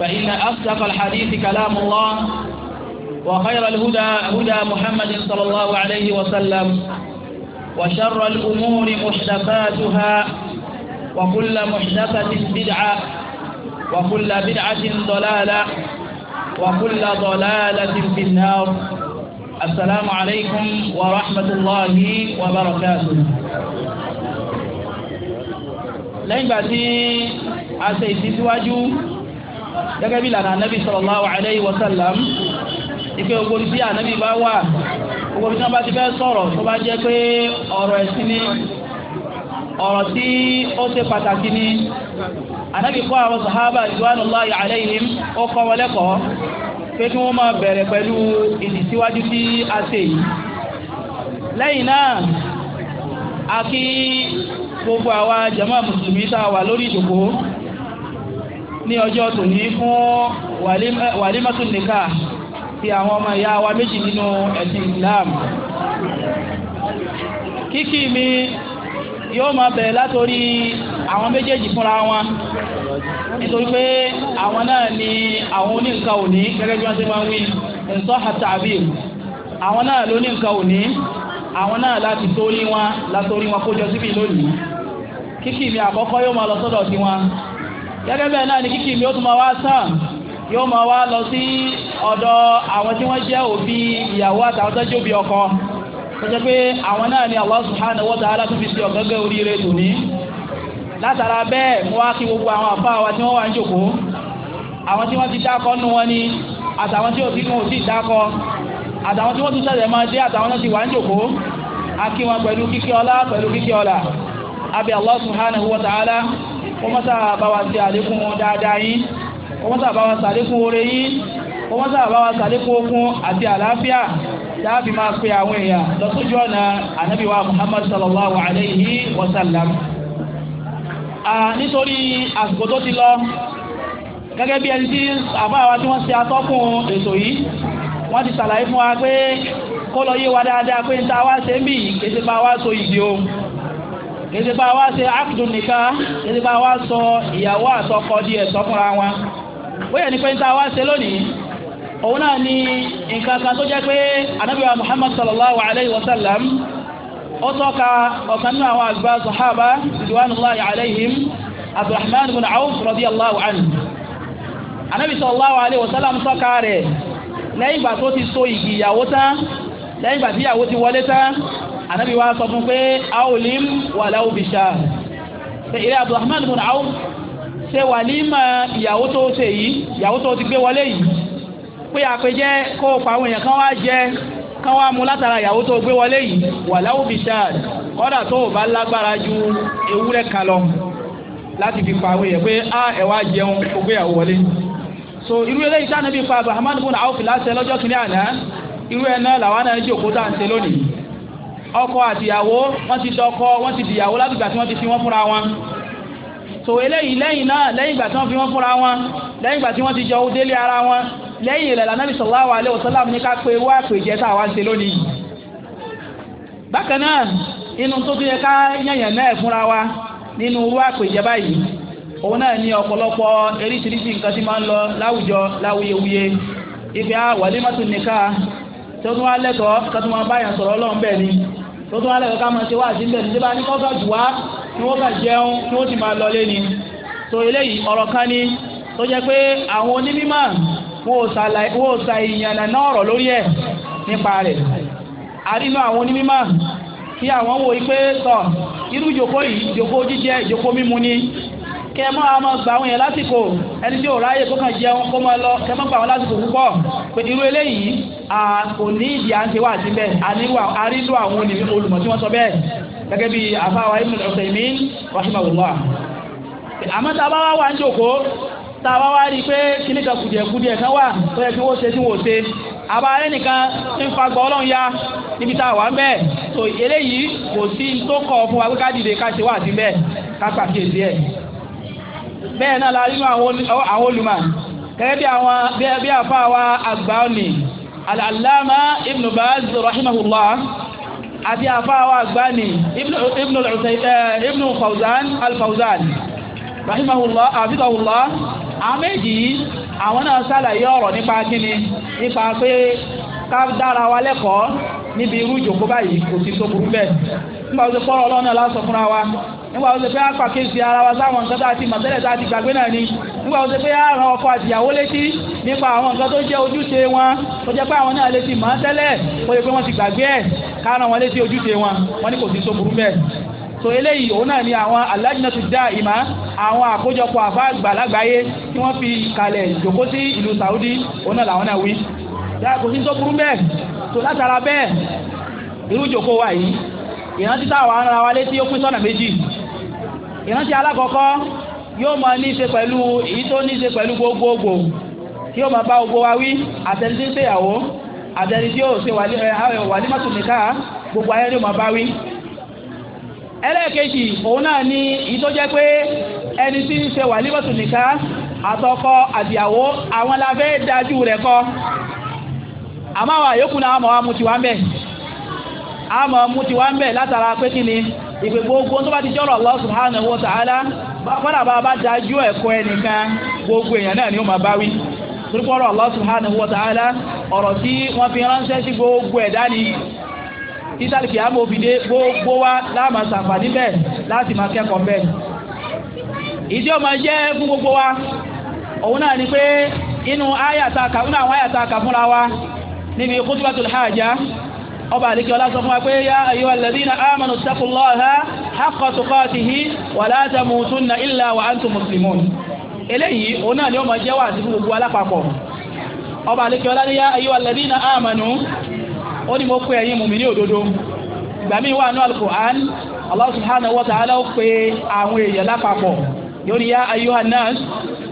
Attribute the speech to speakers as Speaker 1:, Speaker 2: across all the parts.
Speaker 1: فإن أصدق الحديث كلام الله وخير الهدى هدى محمد صلى الله عليه وسلم وشر الأمور محدثاتها وكل محدثة بدعة وكل بدعة ضلالة وكل ضلالة في النار السلام عليكم ورحمة الله وبركاته لين بعدين أسيتي gẹ́gẹ́ bí lànà anabi sallallahu alayhi wa sallam ìpè ogbori tí anabi bá wà ogbori tí wọn bá ti fẹ́ sọ̀rọ̀ tó bá jẹ́ pé ọ̀rọ̀ ẹ̀sìn ni ọ̀rọ̀ tí ó ṣe pàtàkì ni anabi kọ́ àwọn sahaba ridwanullahi alayhim ó kọ́ wọn lẹ́kọ̀ọ́ pé kí wọ́n máa bẹ̀rẹ̀ pẹ̀lú ìdìsíwájú tí a ṣe yìí lẹ́yìn náà a kí gbogbo àwa jama mùsùlùmí tá a wà lórí ìjòkó ní ọjọ́ tòní fún wàlímọ́tò nìkà ti àwọn ọmọ ìyá wa méjì nínú ẹ̀sìn Islam kíkí mi yóò máa bẹ̀rẹ̀ látòrí àwọn méjèèjì fúnra wọn nítorí pé àwọn náà ni àwọn oníǹkan òní gẹ́gẹ́ bí wọ́n ti máa ń wí ǹsọ́ àtàbí àwọn náà ló ní nǹkan òní àwọn náà láti torí wọn látorí wọn kójọ síbi lónìí kíkí mi àkọ́kọ́ yóò máa lọ sọ́dọ̀ sí wọn gẹ́gẹ́ bẹ́ẹ̀ náà ni kíkì mi ó tún máa wá sàn yóò máa lọ sí ọ̀dọ̀ àwọn tí wọ́n jẹ́ òbí ìyàwó àtàwọn tó jóbi ọkọ tó pé àwọn náà ni Allah subhanahu wa ta'ala tún fi ṣe ọ̀gẹ́gẹ́ oríire látara bẹ́ẹ̀ mo wá kí gbogbo àwọn àfa wa tí wọ́n wà ń jòkó àwọn tí wọ́n ti dákọ́ wọn ni àtàwọn tí òbí wọn ò dákọ́ àtàwọn tí wọ́n ta'ala kó má sáà bá wa ṣe àlékún dáadáa yín kó má sáà bá wa ṣàlékún oore yín kó má sáà bá wa ṣàlékún okun àti àlàáfíà dáàbì máa pe àwọn èèyàn lọ́sọ́jú ọ̀nà ànábì wa muhammad sallallahu alayhi wa sallam. nítorí àsìkò tó ti lọ gẹ́gẹ́ bí ẹni tí àbáwa tí wọ́n ṣe atọ́kùn ètò yìí wọ́n ti ṣàlàyé fún wa pé kó lọ yé wa dáadáa pé ń ta wá ṣe ń bì kéde bá wa so ìdí o kéde bá wá ṣe ákùdùn nìkan kéde bá wá sọ ìyàwó àtọkọ di ẹ̀tọ́ fúnra wọn bóyá ní pẹ́ńtà wá ṣe lónìí òun náà ni nǹkan kan tó jẹ́ pé Ànábì Muhammad sallallahu alayhi wa sallam ó tọ́ka ọ̀kan nínú àwọn àgbà sahaba ridwanullahi alayhim abdulrahman bin awf radiyallahu anhu Ànábì sallallahu alayhi wa sallam tọ́ka rẹ̀ lẹ́yìn ìgbà tó ti so ìyàwó tán lẹ́yìn ìgbà tí ìyàwó ti wọlé tán anabi wa sọ fún pé awlim wàláwù bìṣà ṣe ilé abdulrahman bin awf ṣe wàlímà ìyàwó tó ṣe yìí ìyàwó tó ti gbé wọlé yìí pé àpèjẹ kó o pa àwọn èèyàn kan wá jẹ kan wá mu látara ìyàwó tó gbé wọlé yìí wàláwù bìṣà kọ́dà tó o bá lágbára ju ewúrẹ́ kan lọ láti fi pa àwọn èèyàn pé a ẹ̀ jẹun o gbé ìyàwó wọlé so irú eléyìí tí anabi pa abdulrahman bin awf láṣẹ lọ́jọ́ kìnìún àná irú ẹ̀ náà làwọn náà ń jòkó tá ń ṣe lónìí ọkọ àtìyàwó wọ́n ti dọkọ wọ́n ti dìyàwó látìgbà tí wọ́n ti fi wọ́n fúnra wọn so eléyìí lẹ́yìn náà lẹ́yìn ìgbà tí wọ́n fi wọ́n fúnra wọn lẹ́yìn ìgbà tí wọ́n ti jọ délé ara wọn lẹ́yìn ìrẹ̀lẹ̀ Ànábì sallallahu alaihi wasallam ní ká pé wá àpèjẹ tá a ń ṣe lónìí bákan náà inú tó tún yẹ ká yẹ̀yàn náà fúnra wa nínú wá àpèjẹ báyìí òun náà ní ọ̀pọ̀lọpọ̀ eríṣiríṣi nǹkan tí máa ń lọ láwùjọ láwuyewuye ìgbà wàlímọ́tò nìkan tí ó tún wá lẹ́tọ̀ọ́ ká tún máa báyàn sọ̀rọ̀ ọlọ́run bẹ́ẹ̀ ni tó tún wá lẹ́tọ̀ọ́ ká máa ṣe wá àti bẹ́ẹ̀ ni tí bá ní kọ́ gà jù wá ni wọ́n kà jẹun ni wọ́n ti máa lọ lé ni tó eléyìí ọ̀rọ̀ kan ni tó jẹ́ pé àwọn onímọ̀ wọ́n ò sa ìyànnà náà ọ̀rọ̀ lórí ẹ̀ nípa rẹ̀ àrínú àwọn onímọ̀ kí àwọn wòye pé tọ̀ irú ìjòkó yìí ìjòkó jíjẹ ìjòkó mímu ni kẹ mọ́ àwọn ọmọ gbà àwọn yẹn lásìkò ẹni tí ò ráyè kó kàn jẹun kó mọ́ lọ kẹ mọ́ gbà wọn lásìkò púpọ̀ pé irú eléyìí kò ní ìdí à ń ṣe wá àti bẹ́ẹ̀ àníwá àrílò àwọn olùmọ̀ tí wọ́n sọ bẹ́ẹ̀ gẹ́gẹ́ bí àfáwà ibn Uthaymin rahimahullah àmọ́ tá a bá wá wá ń jòkó tá a bá wá rí i pé kíní kan kùdìẹ̀kùdìẹ̀ kan wà tó yẹ kí wọ́n ṣe tí wọ́n ṣe àbá ẹnìkan ń fagbọ́ ọlọ́run ya níbi tá a wà ń bẹ́ẹ̀ tó eléyìí kò sí tó kọ̀ fún wa pé ká dìde ká ṣe wá àti bẹ́ẹ̀ ká pàkíyèsí ẹ̀ bẹ́ẹ̀ náà la nínú àwọn olùmọ̀ gẹ́gẹ́ bí àwọn bí àfa wa àgbà ni al-allama ibn baz rahimahullah àti àfa wa àgbà ni ibn ibn eh, fawzan al-fawzan rahimahullah àfihàhullah àwọn méjì yìí àwọn náà ṣàlàyé ọ̀rọ̀ nípa kíni nípa pé ká dára wa lẹ́kọ̀ọ́ níbi irú ìjòkó báyìí kò sí tó burú bẹ́ẹ̀ nígbà tó kọ́ ọlọ́run náà lásọ fúnra wa nígbà tó ṣe pé á pàkíyèsí ara wa sáwọn nǹkan tá a ti mọ̀ tẹ́lẹ̀ tá a ti gbàgbé náà ni nígbà tó ṣe pé á ran ọkọ àtìyàwó létí nípa àwọn nǹkan tó jẹ́ ojúṣe wọn tó jẹ́ pé àwọn náà lè ti ó yẹ pé wọ́n ti gbàgbé ẹ̀ ká wọn létí ojúṣe wọn wọ́n ní kò sí sóburú bẹ́ẹ̀ so eléyìí òun náà ni àwọn alájìnàtú dá ìmá àwọn àkójọpọ̀ àfáàgbà lágbàáyé tí wọ́n fi kalẹ̀ ìjòkó sí ìlú Saudi òun náà làwọn náà wí kò sí so látara bẹ́ẹ̀ irú ìjòkó wa yìí ìrántí táwọn ará wa létí ó pín sọ́nà méjì ìrántí alákọ̀ọ́kọ́ yóò máa ní í ṣe pẹ̀lú èyí tó ní í ṣe pẹ̀lú gbogbogbò kí ó máa bá gbogbo wa wí àtẹni tí ń ṣèyàwó àtẹni tí yóò ṣe wàlímọ̀tò nìkan gbogbo ayé ni ó máa bá wí ẹlẹ́ẹ̀kejì òun náà ni èyí tó jẹ́ pé ẹni tí ń ṣe wàlímọ̀tò nìkan àtọkọ àdìyàwó àwọn la fẹ́ dájú rẹ̀ kọ àmọ́ àwọn àyókù náà àmọ́ àmú tiwa ń bẹ̀ àmọ́ àmú tiwa ń bẹ̀ látara pé kí ni ìpè gbogbo tó bá ti jọ́rọ̀ Allah subhanahu wa ta'ala fọ́nà bá bá dájú ẹ̀kọ́ ẹnìkan gbogbo èèyàn náà ni ó máa bá wí torípọ̀rọ̀ Allah subhanahu wa ta'ala ọ̀rọ̀ tí wọ́n fi ránṣẹ́ sí gbogbo ẹ̀dá ni títàlì kìí àmọ́ òfin gbogbo wa láàmà sàǹfààní bẹ́ẹ̀ láti máa kẹ́kọ̀ọ́ bẹ́ẹ̀ ìdí ó máa jẹ́ fún gbogbo wa òun náà ni pé inú àyàtà kà fúnra wa níbi khutbatul haja ọba àdìkẹ́ ọlá sọ fún wa pé yá ayyuha alladhina amanu ittaqullaha haqqa tuqatihi wa la tamutunna illa wa antum muslimun eléyìí òun náà ni ó máa jẹ́ wà sí gbogbo alápapọ̀ ọba àdìkẹ́ ọlá ní yá ayyuha alladhina amanu ó ní mo pé ẹ̀yin mùmínì òdodo ìgbà wà ní al-Qur'an Allah subhanahu wa ta'ala ó àwọn èèyàn lápapọ̀ yóò ní yá ayyuhan nas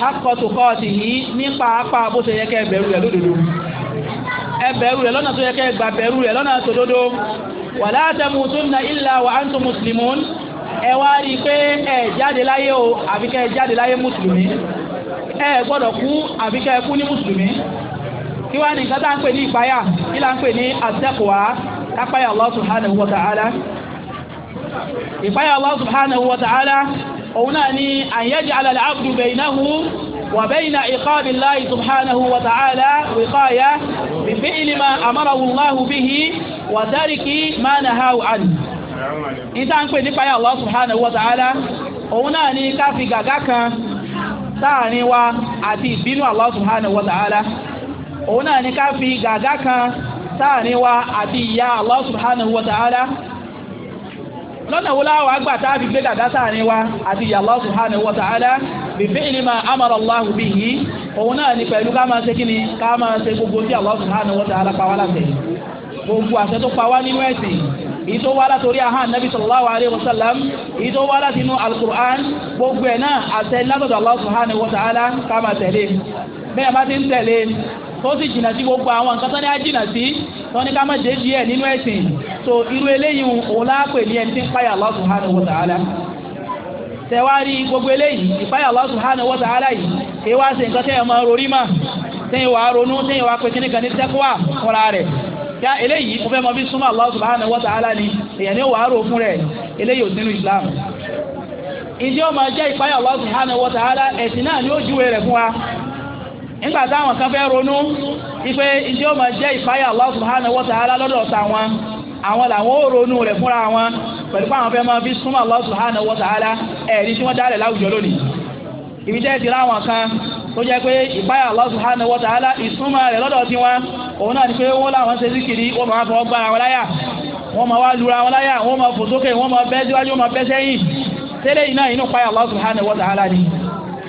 Speaker 1: hakọ̀tù kọ́ọ̀tì yìí ní pàápàá bó ṣe yẹ kẹ́ bẹ̀rù rẹ̀ lódodo ẹ bẹ̀rù rẹ̀ lọ́nà tó yẹ kẹ́ gbà bẹ̀rù rẹ̀ lọ́nà tó dodo wala tamutunna illa wa antum muslimun ẹ wá rí i pé ẹ jáde láyé o àbí kẹ́ jáde láyé mùsùlùmí ẹ gbọ́dọ̀ kú àbí kẹ́ kú ní mùsùlùmí kí wá ní tá à ń pè ní ìpayà kí là ń pè ní àtẹ́kùwá kápáyà Allah subhanahu wa ta'ala ìpayà Allah subhanahu wa ta'ala òun náà ni àyẹ́jì alàlẹ́ abdu bẹ̀yìnáhu wà bẹ́yìnà ìkọ́bìláì subhanahu wa ta'ala wìkọ́ya bíbí ilima amárawùláhu bíhi wà dárìkì máa na ha wà ní. ìta ń pè nípa yà Allah subhanahu wa ta'ala òun náà lọ́nà wo láwọn àgbà tá a fi gbé dàda sáàrin wa àti ìyá Allah subhanahu wa ta'ala bi fi'li ma amara Allahu bihi òun náà ni pẹ̀lú ká máa ṣe kíni ká máa ṣe gbogbo tí Allah subhanahu wa ta'ala pa wá láṣẹ gbogbo àṣẹ tó pa wá nínú ẹ̀sìn èyí tó wá látòrí àhán nabi sallallahu alayhi wa sallam èyí tó wá láti inú alukur'an gbogbo ẹ̀ náà àṣẹ látọ̀dọ̀ Allah subhanahu wa ta'ala ká máa tẹ̀lé bẹ́ẹ̀ bá ti ń tẹ̀lé tó sì jìnnà sí gbogbo àwọn nǹkan tó ní iru jìnnà sí tó ní ká má dé díẹ̀ nínú ẹ̀sìn tó irú eléyìí òun lápè ní ẹni tí ń páyà Allah subhanahu wa ta'ala tẹ̀wárí gbogbo eléyìí ìpáyà Allah subhanahu wa ta'ala yìí èyí wá sí nǹkan tẹ́yẹ̀ máa rorí mà wàá ronú wàá kíní kan ní fúnra yá eléyìí mo fẹ́ mọ bí súnmọ́ wa ni èyàn ní wàá fún Islam ìdí ọmọ jẹ́ ìpáyà ẹ̀sìn náà ni ó júwe rẹ̀ fún wa nígbà táwọn kan fẹ́ ronú wípé ìdí ó máa jẹ́ ìfáyà Allah subhanahu wa ta'ala lọ́dọ̀ tàwọn àwọn làwọn ó ronú rẹ̀ fúnra wọn pẹ̀lú pé àwọn fẹ́ máa fi súnmọ́ Allah subhanahu wa ta'ala ẹ̀rí tí wọ́n dálẹ̀ láwùjọ lónìí ibi jẹ́ ti láwọn kan tó jẹ́ pé ìfáyà Allah subhanahu wa ta'ala ìsúnmọ́ rẹ̀ lọ́dọ̀ tí wọn òun náà ni pé wọ́n láwọn ṣe síkìrì wọ́n máa fọwọ́ gbára wọn láyà wọ́n máa wá ni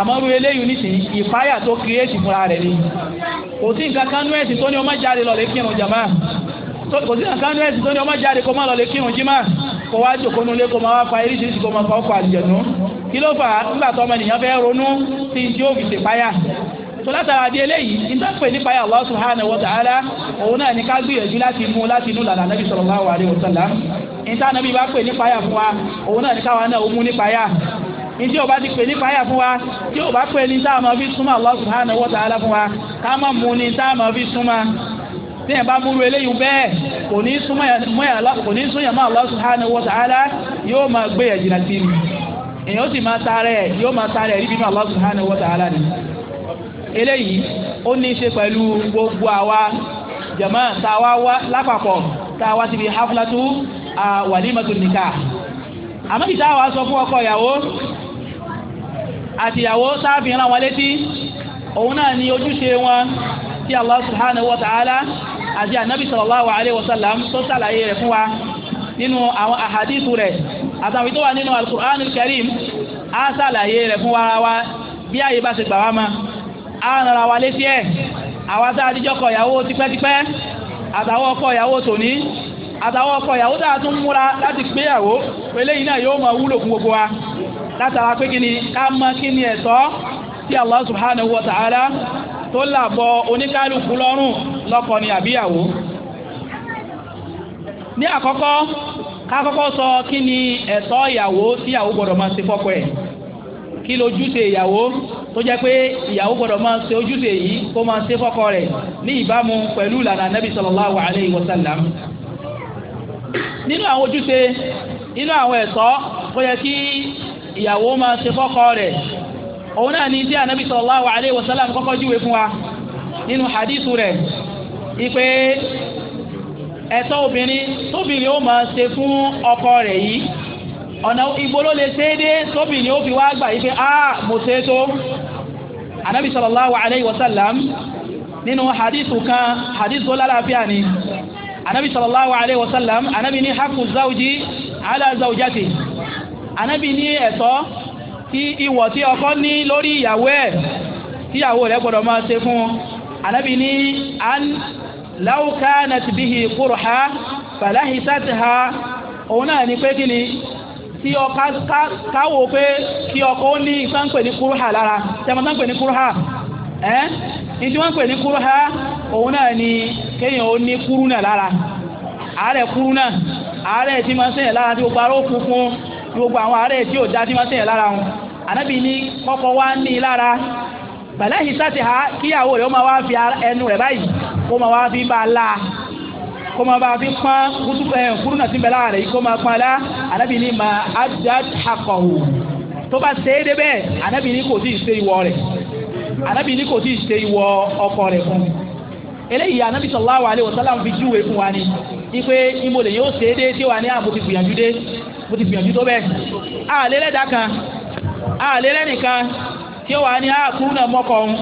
Speaker 1: àmọ́rú eléyìí nísìnyí ìpáyà tó kírèsì fúnra rẹ̀ ni kò sí nǹkan kan nú ẹ̀sìn tó ní ọmọ jáde lọ lè kírun jàmá kò sí nǹkan kan nú ẹ̀sìn tó ní ọmọ jáde kó má lọ lè kírun jímá kó wá jòkó nulẹ̀ kó máa wá fa eríṣiríṣi kó máa fa ọkọ̀ àlùjẹ̀nu kí ló fà á nígbà tó ọmọ ènìyàn fẹ́ ronú sí tí ó fi ṣèpáyà tó látara di eléyìí nígbà pé nípa yà Allah subhanahu wa ta'ala òun náà ní ká gbìyànjú láti mú láti inú lànà Nabi sallallahu alaihi wasallam níta nàbí bá pè nípa yà fún wa òun náà ní káwa náà ó mú nípa yà ìdí ọba ti pè ní páyà fún wa tí ọba pè ní tá a máa fi súnmọ́ Allah subhanahu wa ta'ala fún wa ká má mú ní tá a máa fi súnmọ́ tí ẹ̀ bá múru eléyìí bẹ́ẹ̀ kò ní súnyà máa Allah subhanahu wa ta'ala yóò máa gbé ẹ̀ jìnà sí mi èyàn sì máa taara ẹ̀ yóò máa taara ẹ̀ rí bínú Allah subhanahu wa ta'ala ni eléyìí ó ní í ṣe pẹ̀lú gbogbo àwa jama tá a wá wá lápapọ̀ tá a wá síbi haflatu wàlímàtò nìkà àmọ́ ìta wa sọ fún ọkọ ìyàwó àtìyàwó sáfihàn àwọn létí òun náà ni ojúṣe wọn tí Allah subhanahu wa ta'ala àti anabi sallallahu alayhi wa sallam tó sàlàyé rẹ̀ fún wa nínú àwọn àhàdìsù rẹ̀ àtàwọn tó wà nínú alukur'an karim á sàlàyé rẹ̀ fún wa wa bí àyè bá ṣe gbà wá ma á nara wa létí ẹ̀ àwa tá a díjọ́ kọ ìyàwó tipẹ́tipẹ́ àtàwọn ọkọ ìyàwó tòní àtàwọn ọkọ ìyàwó tá a tún múra láti gbéyàwó eléyìí náà yóò máa wúlò fún gbogbo wa. látara pé kíni ká mọ̀ ni ẹ̀tọ́ tí Allah subhanahu wa ta'ala tó làbọ̀ oníkálukú lọ́rùn lọ́kọ ni àbíyàwó ní àkọ́kọ́ ká kọ́kọ́ sọ kíni ẹ̀tọ́ ìyàwó tí ìyàwó gbọ́dọ̀ máa ṣe fọ́kọ ẹ̀ kí lójúṣe ìyàwó tó jẹ́ pé ìyàwó gbọ́dọ̀ máa ṣe ojúṣe yìí kó máa ṣe fọ́kọ rẹ̀ ní ìbámu pẹ̀lú ìlànà ìyàwó máa ṣe fọ́kọ rẹ̀ òun náà ní tí anabi sallallahu alayhi wa sallam kọ́kọ́ júwe fún wa nínú hadithu rẹ̀ ipe ẹ̀tọ́ obìnrin tóbìnrin ó máa ṣe fún ọkọ rẹ̀ yìí ọ̀nà ìgbóló lè ṣe é dé tóbìnrin ó fi wá gbà yìí pé a mo ṣe é tó anabi sallallahu alayhi wa sallam nínú hadithu kan hadithu tó lálàáfíà ni anabi sallallahu alayhi wa sallam anabi ní haqqu zawji anábì ní ẹ̀tọ́ tí ìwọ̀ tí ọkọ ní lórí ìyàwó ẹ̀ tíyàwó rẹ̀ gbọ́dọ̀ máa ṣe fún anábì ní an law kanat bihi qurha falahisatha òun náà ní pé kí ni tí ọkọ káwò pé kí ọkọ ó ní ìsánpè ní kúrúhà lára tẹmọtánpè ní kúrúhà ẹ́ ìdí wọ́n pè ní kúrúhà òun náà ni kéèyàn ó ní kúrú náà lára àárẹ̀ kúrú náà àárẹ̀ tí máa ń sẹ́yìn lára tí ó parọ́ funfun gbogbo àwọn ààrẹ tí ò dá sí máa sèyàn lára wọn ànábì ní kọ́kọ́ wá ní lára ha kíyàwó rẹ̀ ó máa wá fi ẹnu rẹ̀ báyìí ó máa wá fi bá a la kó máa bá fi pọ́n kúrúnà sí bẹ́ẹ̀ láàrẹ̀ yìí kó máa pọ́n ànábì ní ma adad hakọ̀hù tó bá ṣe é débẹ̀ ànábì ní kò tí ì ṣe ìwọ rẹ̀ ànábì ní kò tí ọkọ rẹ̀ fún anabi fi fún wa ni ipe yóò ṣe é mo ti gbìyànjú tó bẹ́ẹ̀ àlélẹ́dà kan a tí ó wà ní àkúrú ah, náà mọ́kọ̀ ọ̀hún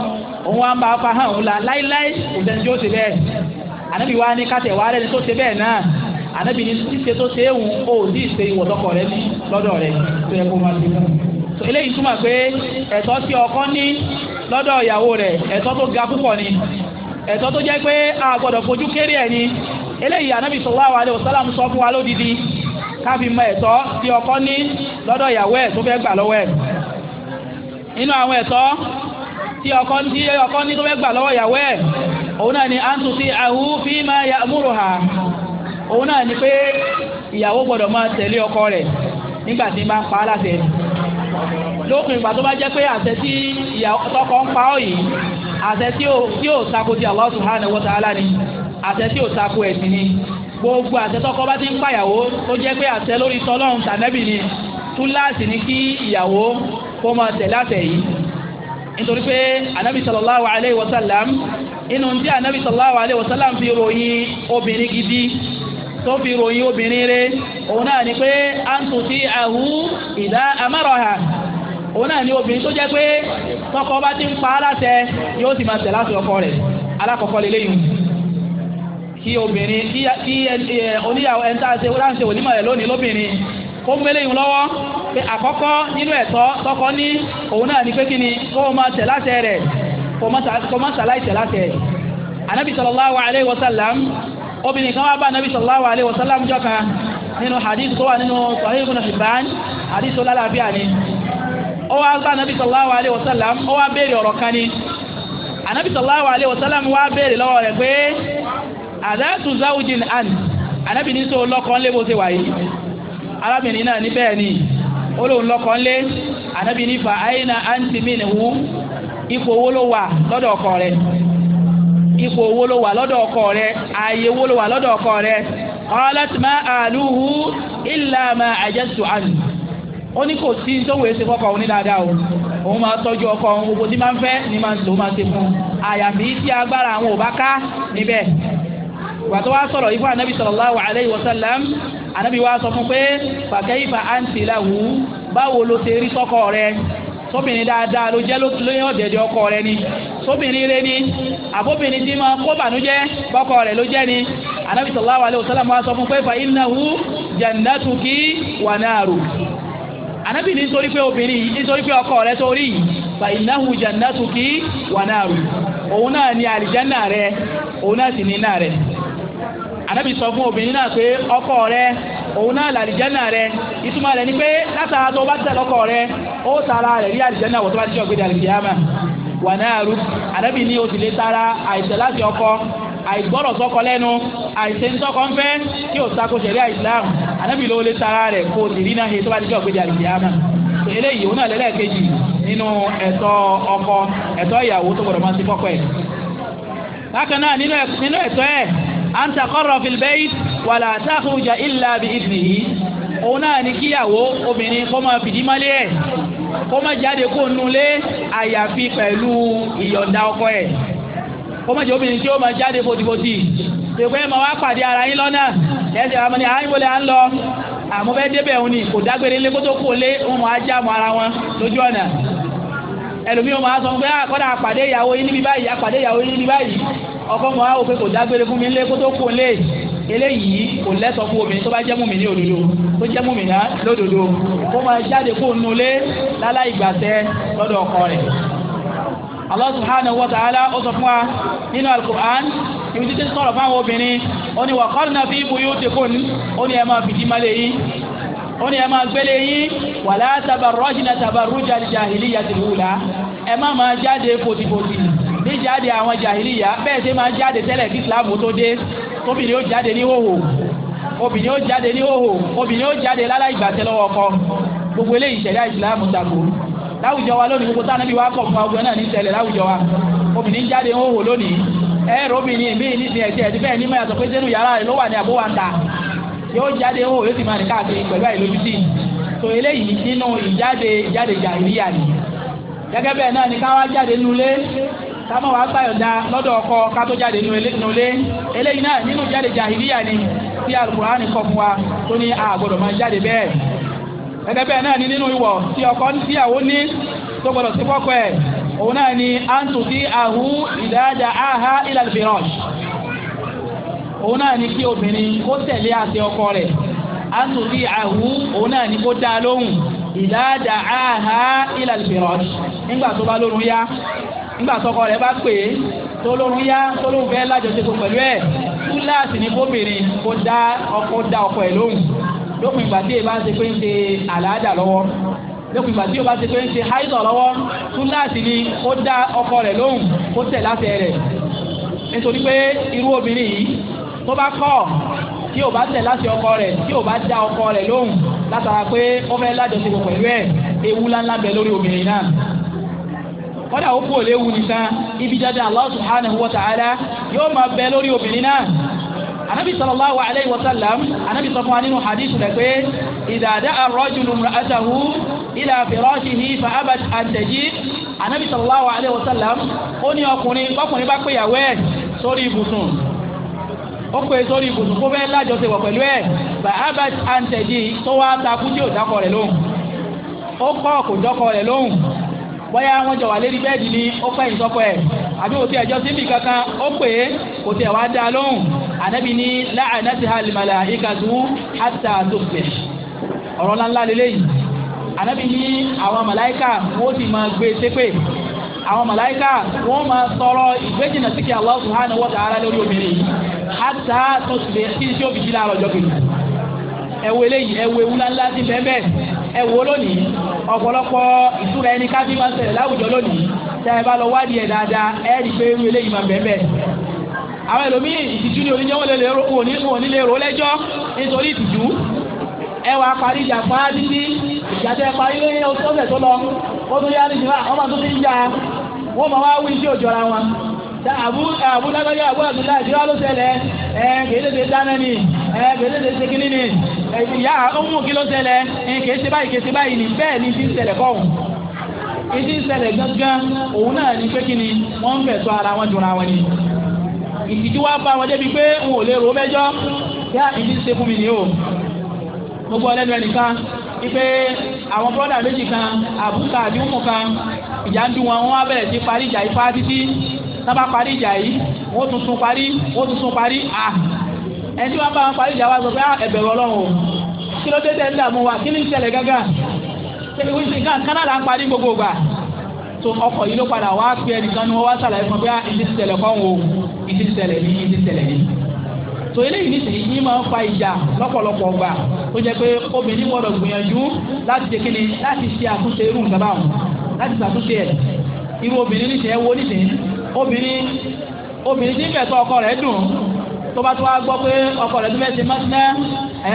Speaker 1: òun wá ń bá hàn òun la láíláí kò sẹ́ni tí ó ṣe bẹ́ẹ̀ ànábì wá ní kátẹ̀ wá tó ṣe bẹ́ẹ̀ náà ànábì ní ṣíṣe tó ṣe é wù ó rẹ lọ́dọ̀ rẹ tó yẹ kó máa ṣe ga púpọ̀ ni ẹ̀tọ́ tó jẹ́ pé a gbọ́dọ̀ fojú kéré ẹ̀ ni eléyìí ànábì káfí mọ ẹ̀tọ́ tí ọkọ ní lọ́dọ̀ ìyàwó tó fẹ́ gbà lọ́wọ́ ẹ̀ inú àwọn ẹ̀tọ́ tí ọkọ tí ọkọ ní tó fẹ́ gbà lọ́wọ́ ìyàwó ẹ̀ òun náà ni à ń fi máa ya múrò hà òun náà ni pé ìyàwó gbọdọ máa tẹ̀lé ọkọ rẹ̀ nígbà tí máa pa á lókun ìgbà tó bá pé tọkọ ń pa yìí àṣẹ tí ò ti ni àṣẹ tí ò gbogbo àṣẹ tọkọ bá ti ń pàyàwó tó jẹ́ pé àṣẹ lórí tọlọ́run tànẹ́bì ni túláàsì ni kí ìyàwó kó máa tẹ̀lé àṣẹ yìí nítorí pé anabi sallallahu alayhi wa sallam inú wa sallam fi ròyìn obìnrin gidi tó fi ròyìn obìnrin re òun náà ni pé antuti ahu ìdá amáraha òun náà ni obìnrin tó jẹ́ pé tọkọ bá ti ń pa á kí obìnrin kí oníyàwó ẹni tá a ṣe láǹṣe wòlímọ̀ rẹ̀ lónìí lóbìnrin kó mẹ́lẹ̀ yìí lọ́wọ́ pé àkọ́kọ́ nínú ẹ̀tọ́ tọkọ ní òun náà ní pé kí ni kó o máa tẹ̀ láṣẹ rẹ̀ kó o máa ṣàláì tẹ̀ láṣẹ rẹ̀ anabi sallallahu alayhi wa sallam obìnrin kan wá bá anabi sallallahu alayhi wa sallam jọ́ka nínú hadith tó wà nínú sahih ibn hibban hadith tó lálàáfíà ni ó wá bá anabi sallallahu alayhi wa sallam ó wá béèrè ọ̀rọ̀ kan ni anabi sallallahu alayhi wa sallam wá béèrè lọ́wọ́ rẹ̀ pé àdáàtú záwùjìn àní ànábì ní sọ lọ́kànlé bó ṣe wà yìí arábìnrin náà ní ni ó lóun lọ́kànlé ànábì ní fa àyínà ipò owó ló wà lọ́dọ̀ ọkọ rẹ̀ ipò wà lọ́dọ̀ ọkọ ààyè wà lọ́dọ̀ ọkọ àlùhù àjẹsù ó ní kò sí tó wèé fọkọ o òun máa ọkọ òun gbogbo tí máa ń ni máa ń máa fún ìgbà tó wá sọ̀rọ̀ ifá anabi sallallahu alayhi wa sallam anabi wá sọ fún pé fa kayfa anti lahu báwo ló ṣe rí sọ́kọ rẹ sóbìnrin dáadáa ló jẹ́ lóyún ọ̀dẹ̀dẹ̀ ọkọ rẹ ni sóbìnrin rẹ ni àbóbìnrin tí máa kó bànújẹ́ bọ́kọ rẹ ló jẹ́ ni anabi sallallahu alayhi wa sallam wá sọ fún pé fa innahu jannatuki wa naru anabi ní nítorí pé obìnrin yìí nítorí pé ọkọ rẹ tó rí yìí fa innahu jannatuki wa naru òun náà ni àlìjánná rẹ òun náà sì ní iná rẹ ànábì sọ fún obìnrin náà pé ọkọ rẹ òun náà làlìjánà rẹ ìtumọ̀ rẹ̀ ni pé látara tó bá tẹ̀ lọ́kọ rẹ ó tara rẹ̀ rí àlìjánà wọ̀ tó bá ti sọ̀gbẹ́dẹ̀ àlìjáàmà wà náà rú ànábì ní oṣù lè tara àìsẹ̀ láti ọkọ àìgbọ́rọ̀ sọ́kọ lẹ́nu àìsẹ̀ ń tọ́kọ ń fẹ́ kí ó sako ṣẹ̀ríà Islam ànábì ló lè tara rẹ̀ kó o sì rí náà tó bá ti sọ̀gbẹ́dẹ̀ àlìjáàmà eléyìí òun náà lẹ́lẹ́kejì nínú ẹ̀tọ́ ọkọ ẹ̀tọ́ ìyàwó tó gbọ́dọ̀ máa ti kọ́kọ́ bákan náà nínú ẹ̀tọ́ ẹ̀ an taqarra fil bayt wala takhruja illa bi idnihi òun náà ní kíyàwó obìnrin kó máa fìdí mọ́lé ẹ̀ kó máa jáde kó nulé àyàfi pẹ̀lú ìyọ̀ǹda ọkọ ẹ̀ kó máa jẹ́ obìnrin tí ó máa jáde fòtìfòtì pèpè máa wá pàdé ara yín lọ́nà ẹ̀sẹ̀ àwọn ọmọ ni àyìnbó lè à ń lọ àmọ́ bẹ́ẹ̀ débẹ̀ òun ni kò dágbére lé kótó kó lé wọn máa já mọ́ ara wọn lójú ọ̀nà ẹlòmíràn máa sọ pé àkọ́dà àpàdé ìyàwó yín níbi báyìí àpàdé ìyàwó yín níbi báyìí ọkọ mọ àwọn òfin kò dágbére fún mi ńlẹ kó tó kó lé eléyìí kò lẹ́sọ̀ fún obìnrin tó bá jẹ́ mùmí ní òdodo tó jẹ́ mùmí náà lódodo kó máa jáde kó nulẹ̀ láláì gbàtẹ́ lọ́dọ̀ ọkọ rẹ̀. Allah subhanahu wa ta'ala ó sọ fún wa nínú al-Qur'an ibi títí sọ̀rọ̀ fún àwọn obìnrin ó ní waqarna fi buyutikum ó ní ẹ máa fìdí malẹ̀ yìí ó ní ẹ máa gbélé yìí wala tabarrajna tabarruja al-jahiliyyati al-ula ẹ má máa ní jáde àwọn jàhìlìyà bẹ́ẹ̀ ṣe máa ń jáde tẹ́lẹ̀ kí islam tó dé obìnrin ó jáde ní hòhò obìnrin ó jáde ní hòhò obìnrin ó jáde láláì gbàṣẹ lọ́wọ́ ọkọ gbogbo eléyìí ṣẹ̀dá islam tako láwùjọ wa lónìí gbogbo táwọn ẹbí wa kọ̀ fún ọgbẹ́ náà ní ṣẹlẹ̀ láwùjọ wa obìnrin jáde ń hòhò lónìí ẹ̀rọ obìnrin míì nísìnyí ẹ̀sẹ̀ ẹ̀dí bẹ́ẹ̀ ní mọ̀ yàtọ̀ pé sẹ́nu yàrá rẹ̀ ló wà ní àbówà ń ta yóò jáde hòhò yóò sì máa rìn káàkiri pẹ̀lú àìlójútì so eléyìí nínú ìjáde ìjáde jàìríyà ni gẹ́gẹ́ bẹ́ẹ̀ náà ni káwá jáde nulẹ̀ ká má wàá gbàyọ̀dá lọ́dọ̀ ọkọ ká tó jáde nulẹ̀ eléyìí náà nínú jáde jàhìlíyà ni tí alukur'ani kọ fún wa tó ní a gbọ́dọ̀ máa jáde bẹ́ẹ̀ gẹ́gẹ́ bẹ́ẹ̀ náà ni nínú ìwọ̀ tí ọkọ tíyàwó ní tó gbọ́dọ̀ sí fọ́kọ ẹ̀ òun náà ni a ń tù sí àhú ìdájà áhá ìlàlùfẹ́ràn òun náà ni kí obìnrin kó tẹ̀lé àti ọkọ rẹ̀ a ń tù sí àhú òun náà ni kó dá lóhùn ìdájà áhá ìlàlùfẹ́ràn nígbà tó bá lórun yá nígbà tọkọ rẹ̀ bá pè é tolóhùn yá tolóhùn fẹ́ lájọṣepọ̀ pẹ̀lú ẹ̀ túláàsì ní bóbìnrin kó dá ọkọ dá ọkọ ẹ̀ lóhùn lópin ìgbà tí èèbá ń ṣe pé ń ṣe àlàádà lọ́wọ́ lópin ìgbà tí ó bá ṣe pé ń ṣe háìsọ̀ lọ́wọ́ túláàsì ni kó dá ọkọ rẹ̀ lóhùn kó tẹ̀ láṣẹ rẹ̀ nítorí pé irú obìnrin yìí tó bá kọ̀ tí o bá tẹ̀ láti ọkọ rẹ̀ tí o bá dá ọkọ rẹ̀ lóhùn látara pé ó fẹ́ lájọṣepọ̀ pẹ̀lú ẹ̀ ewu ńláńlá bẹ lórí obìnrin náà kọ́dà ó kú ò léwu nìkan ibi dáadáa Allah subhanahu wa ta'ala yóò máa bẹ lórí obìnrin náà anabi sallallahu alayhi wa sallam anabi sọ fún wa nínú hadith rẹ pé idha da'a ar-rajulu imra'atahu ila firashihi fa abat an tajid anabi sallallahu alayhi wa sallam ó ní ọkùnrin ọkùnrin bá pè yàwó ẹ̀ sórí ibùsùn ó pè sórí ibùsùn kó fẹ́ lájọṣepọ̀ pẹ̀lú ẹ̀ fa abat an tó wá takú tí ò dákọ̀ rẹ̀ lóhùn ó kọ́ kò dọ́kọ̀ rẹ̀ lóhùn bóyá wọ́n jọ wà lérí bẹ́ẹ̀dì ni ó pẹ́ ìsọ́kọ ẹ̀ àbí òtí ẹ̀jọ́ síbi kankan ó pè é kò tẹ̀ wá dá lóhùn ànábì ní la'anatiha al-malaikatu hatta tusbih ọ̀rọ̀ ńláńlá lélẹ́yìí ànábì ní àwọn màláìkà wọ́n ti máa gbé e ṣépè àwọn màláìkà wọ́n máa sọ̀rọ̀ ìgbéjìnà síkì Allah subhanahu wa ta'ala lórí obìnrin yìí hatta tusbih kí n ṣe òbí jí ẹ wo lónìí ọ̀pọ̀lọpọ̀ ìtura ẹni ká fi máa ń láwùjọ lónìí tẹ́ ẹ bá lọ wádìí ẹ̀ dáadáa ẹ rí i pé irú eléyìí máa bẹ́ẹ̀ àwọn ẹlòmíì ìtìjú ni oníjẹ́ wọn ò lè rò lẹ́jọ́ nítorí ìtìjú ẹ wàá parí ìjà pa títí ìjà tẹ parí tó lọ ó tún yá nìyí wọn máa tún ń ya wọn máa wá wí sí wọn ìyá ọmọ kí ló ṣẹlẹ̀ kìí ṣe báyìí kìí ṣe báyìí ni bẹ́ẹ̀ ni ti ń ṣẹlẹ̀ kọ́hùn ìdí ń ṣẹlẹ̀ gángan òun náà ni pé kí ni wọ́n ń fẹ̀tọ́ ara wọn jura wọn ni ìtìjú wa bá wọn débi pé n ò lè rò mẹ́jọ́ yá ìdí ń ṣe fún mi ni o mo gbọ́ lẹ́nu ẹnìkan ipe àwọn bọ́dà méjì kan àbúkà àti umu kan ìjà ń dùn wọn wọn á bẹ̀rẹ̀ sí parí ìjà yìí fáá títí tábà parí ìjà yìí wọ́n tuntun parí wọ́n tuntun parí ah ẹni tí wọ́n bá wọn parí ìjà wa ebe pé ah, ẹ̀bẹ̀rù ọlọ́run kí ló dé tẹ̀ ń dààmú wa kí ní ìṣẹ̀lẹ̀ gángan ń parí gbogbo gbà tó ọkọ̀ yìí ló padà wá pé ẹnìkan ni wọ́n wá sàlàyé fún bí ìṣẹ̀lẹ̀ wo ìṣẹ̀lẹ̀ ìṣẹ̀lẹ̀ tó eléyìí ní sèyí máa ń fa ìjà lọ́pọ̀lọpọ̀ ó jẹ́ pé tó bá tó wá gbọ́ pé ọkọ rẹ̀ tó fẹ́ ṣe mọ́tínà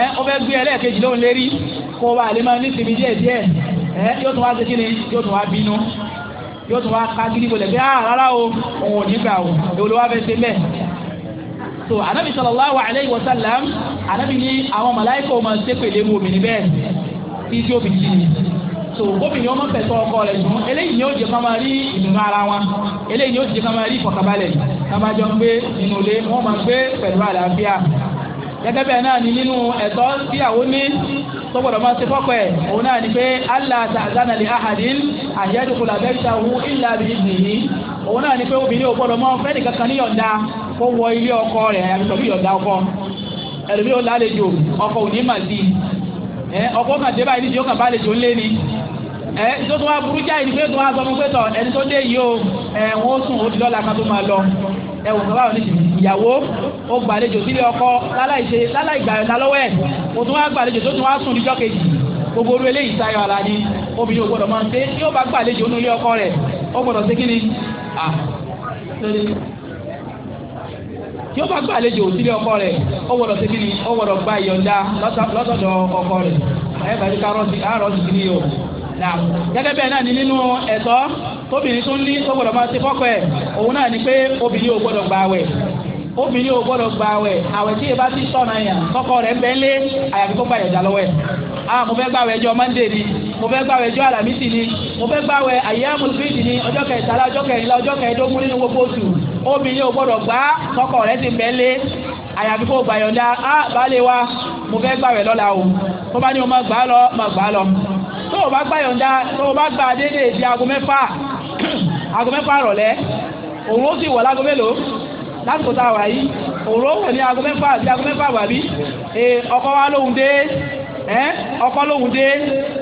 Speaker 1: ẹ̀ ó fẹ́ gbé ẹlẹ́ẹ̀kejì lóhùn lérí kó bá lè máa ní tìbí díẹ̀ díẹ̀ ẹ̀ yóò tún wá ṣe kí ni yóò tún wá bínú yóò tún wá ká gidi bolẹ̀ pé ah rárá o òun ò ní gbà o èwo ló wá fẹ́ ṣe mẹ́ẹ̀. so anabi sallallahu alayhi wa sallam anabi ni àwọn màláìkà ọmọ ṣépèlé mu obìnrin bẹ́ẹ̀ tí tí obìnrin yìí so obìnrin ọmọ fẹ̀tọ́ ọkọ rẹ̀ sùn eléyìí ni ó jẹ́ ká máa rí ìdùnnú ara wọn eléyìí ni ó jẹ́ tábàjọ ń gbé nínú ilé wọ́n máa gbé pẹ̀lú àlàáfíà gẹ́gẹ́ bẹ́ẹ̀ náà ni nínú ẹ̀tọ́ tíyàwó ní tó gbọ́dọ̀ máa ṣe fọ́pẹ́ òun náà ni pé allah ta'azana li ahadin àyẹ́dùkú làbẹ́sàwù illa bi idnihi òun náà ni pé obìnrin ò gbọ́dọ̀ máa fẹ́ẹ́ nìkan kan ní kó wọ ilé ọkọ rẹ̀ àbísọ̀bí yọ̀ǹda ọkọ ẹ̀rùmí ó lálejò ọkọ ò mà sí i ọkọ kan dé báyìí nídìí ó kàn bá àlejò ńlé ni tó tó wá burú jáì ni pé tó wá sọ fún pé tọ ẹni tó dé yìí o ẹ̀ wọ́n sùn ó di lọ́la kan tó máa lọ ẹwọ nǹkan báwọn ìyàwó ó gbàlejò sílé ọkọ láláìṣe láláìgbà ẹ̀ta lọ́wọ́ ẹ̀ ó tún wá gbàlejò tó tún wá sùn níjọ́ kejì gbogbo orú eléyìí tayọ àlà ni obìnrin ò máa ń ṣe gbàlejò nínú ilé ọkọ rẹ̀ ó ṣe kí ni tí ó ọkọ rẹ̀ ó ṣe gba lọ́sọ̀dọ̀ ọkọ rẹ̀ o tóbìnrin tó ní sọ́gbọ̀dọ̀ máa ṣe fọ́kọ ẹ̀ òun náà ni pé obìnrin ò gbọ́dọ̀ gba àwẹ̀ obìnrin ò gbọ́dọ̀ gba àwẹ̀ àwẹ̀ tí ìbá ti sọ̀nà yàn kọ́kọ́ rẹ̀ ń bẹ́ lé àyàfi kó gbàyànjà lọ́wọ́ ẹ̀ ah mo fẹ́ gbàwẹ̀ ẹjọ́ monday ni mo fẹ́ gbàwẹ̀ ẹjọ́ alamisi ni mo fẹ́ gbàwẹ̀ ayyamul bid ni ọjọ́ kẹtàlá ọjọ́ kẹrìnlá ọjọ́ kẹẹ̀ẹ́dógún nínú gbogbo oṣù obìnrin ò gbọ́dọ̀ gbá kọ́kọ́ rẹ̀ ti ń bẹ́ lé àyàfi kó gbàyànjà ah baálé wa mo fẹ́ gbàwẹ̀ lọ́la o tó bá ní o máa gbà á lọ máa gbà á lọ tó o bá gbàyànjà tó o bá gbà déédéé di aago mẹ́fà aago mẹ́fà rọ̀lẹ́ òun ó sì wọ̀ láago mélòó lásìkò tá a wà yìí òun ó wọ̀ ní aago mẹ́fà àti aago mẹ́fà àbàbí ọkọ wa lóhun dé ọkọ lóhun dé